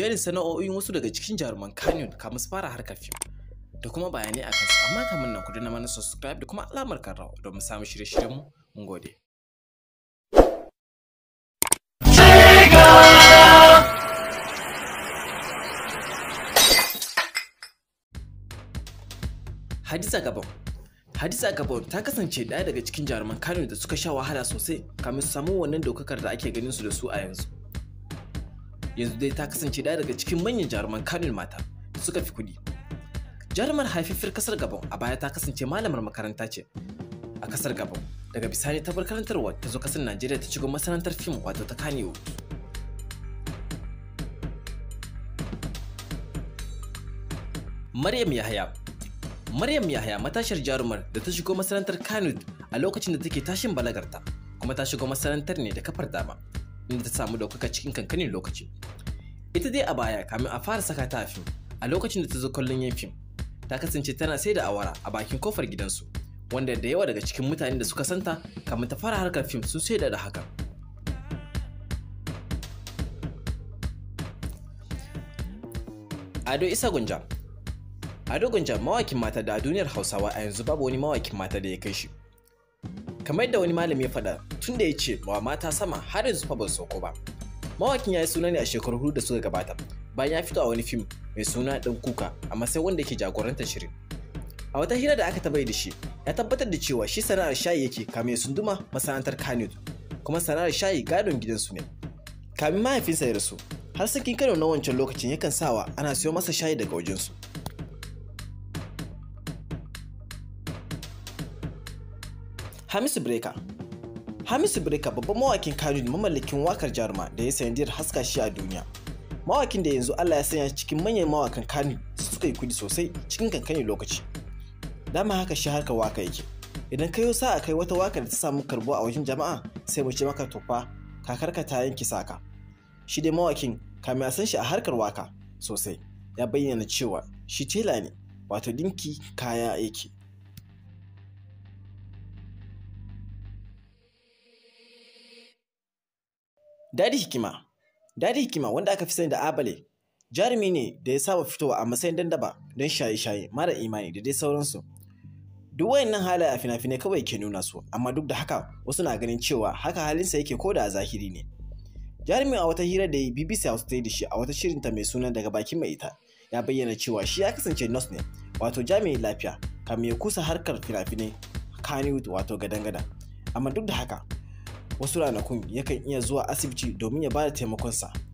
jerin sana'o'in wasu daga cikin jaruman canyon kamun su fara harkar fim da kuma bayanai a kansu amma kamun nan ku na mana subscribe da kuma alamar karrawa domin samun shirye-shiryenmu mun gode. Hadiza Gabon Hadiza Gabon ta kasance ɗaya daga cikin jaruman Kano da suka sha wahala sosai kamar su samu wannan daukakar da ake ganin su da su a yanzu. yanzu dai ta kasance ɗaya daga cikin manyan jaruman kanun mata da suka fi kuɗi. Jarumar haififiyar kasar Gabon a baya ta kasance malamar makaranta ce a kasar Gabon. Daga bisani ta bar karantarwa ta zo kasar Najeriya ta shigo masana'antar fim wato ta Kanewo. Maryam Yahaya Maryam Yahaya matashiyar jarumar da ta shigo masana'antar Kano a lokacin da take tashin balagarta kuma ta shigo masana'antar ne da kafar dama. inda ta samu ɗaukaka cikin kankanin lokaci ita dai a baya kamin a fara saka ta a fim a lokacin da ta zo kallon yin fim ta kasance tana sai da awara a bakin kofar gidansu wanda da yawa daga cikin mutanen da suka santa kamin ta fara harkar fim sun sai da hakan Ado Isa Gunja Ado Gunja mawakin mata da duniyar Hausawa a yanzu babu wani mawakin mata da ya kai shi. kamar yadda wani malami ya faɗa tun da ya ce wa mata sama har yanzu fa ban sauko ba mawakin ya yi suna ne a shekaru huɗu da suka gabata bayan ya fito a wani fim mai suna ɗan kuka amma sai wanda ke jagorantar shirin a wata hira da aka tabai da shi ya tabbatar da cewa shi sana'ar shayi yake kamin sunduma masana'antar kanut kuma sana'ar shayi gadon gidansu ne kamin mahaifinsa ya rasu har sakin kano na wancan lokacin yakan sawa ana siyo masa shayi daga wajensu Hamisu Breka Hamisu Breka babban mawakin Kano mamallakin wakar jaruma da ya sanadiyar haska shi a duniya. Mawakin da yanzu Allah ya sanya cikin manyan mawakan Kano suka yi kudi sosai cikin kankanin lokaci. Dama haka shi harkar waka yake. Idan ka yi sa'a kai wata waka da ta samu karbo a wajen jama'a sai mu ce maka tofa kakarka ta yanki saka. Shi dai mawakin kamar ya san shi a harkar waka sosai ya bayyana cewa shi tela ne wato dinki kaya yake. Dadi Hikima Dadi Hikima wanda aka fi sani da Abale jarumi ne da ya saba fitowa a matsayin dandaba don shaye-shaye mara imani da dai sauransu. Duk wayannan halaye a fina-finai kawai ke nuna su amma duk da haka wasu na ganin cewa haka halinsa yake ko da a zahiri ne. Jarumi a wata hira da yi BBC House ta yi da shi a wata ta mai suna daga bakin mai ita ya bayyana cewa shi ya kasance nurse ne wato jami'in lafiya kamar ya kusa harkar fina-finai Kannywood wato gadan-gadan. Amma duk da haka wasu ranakun yakan iya zuwa asibiti domin ya bada taimakonsa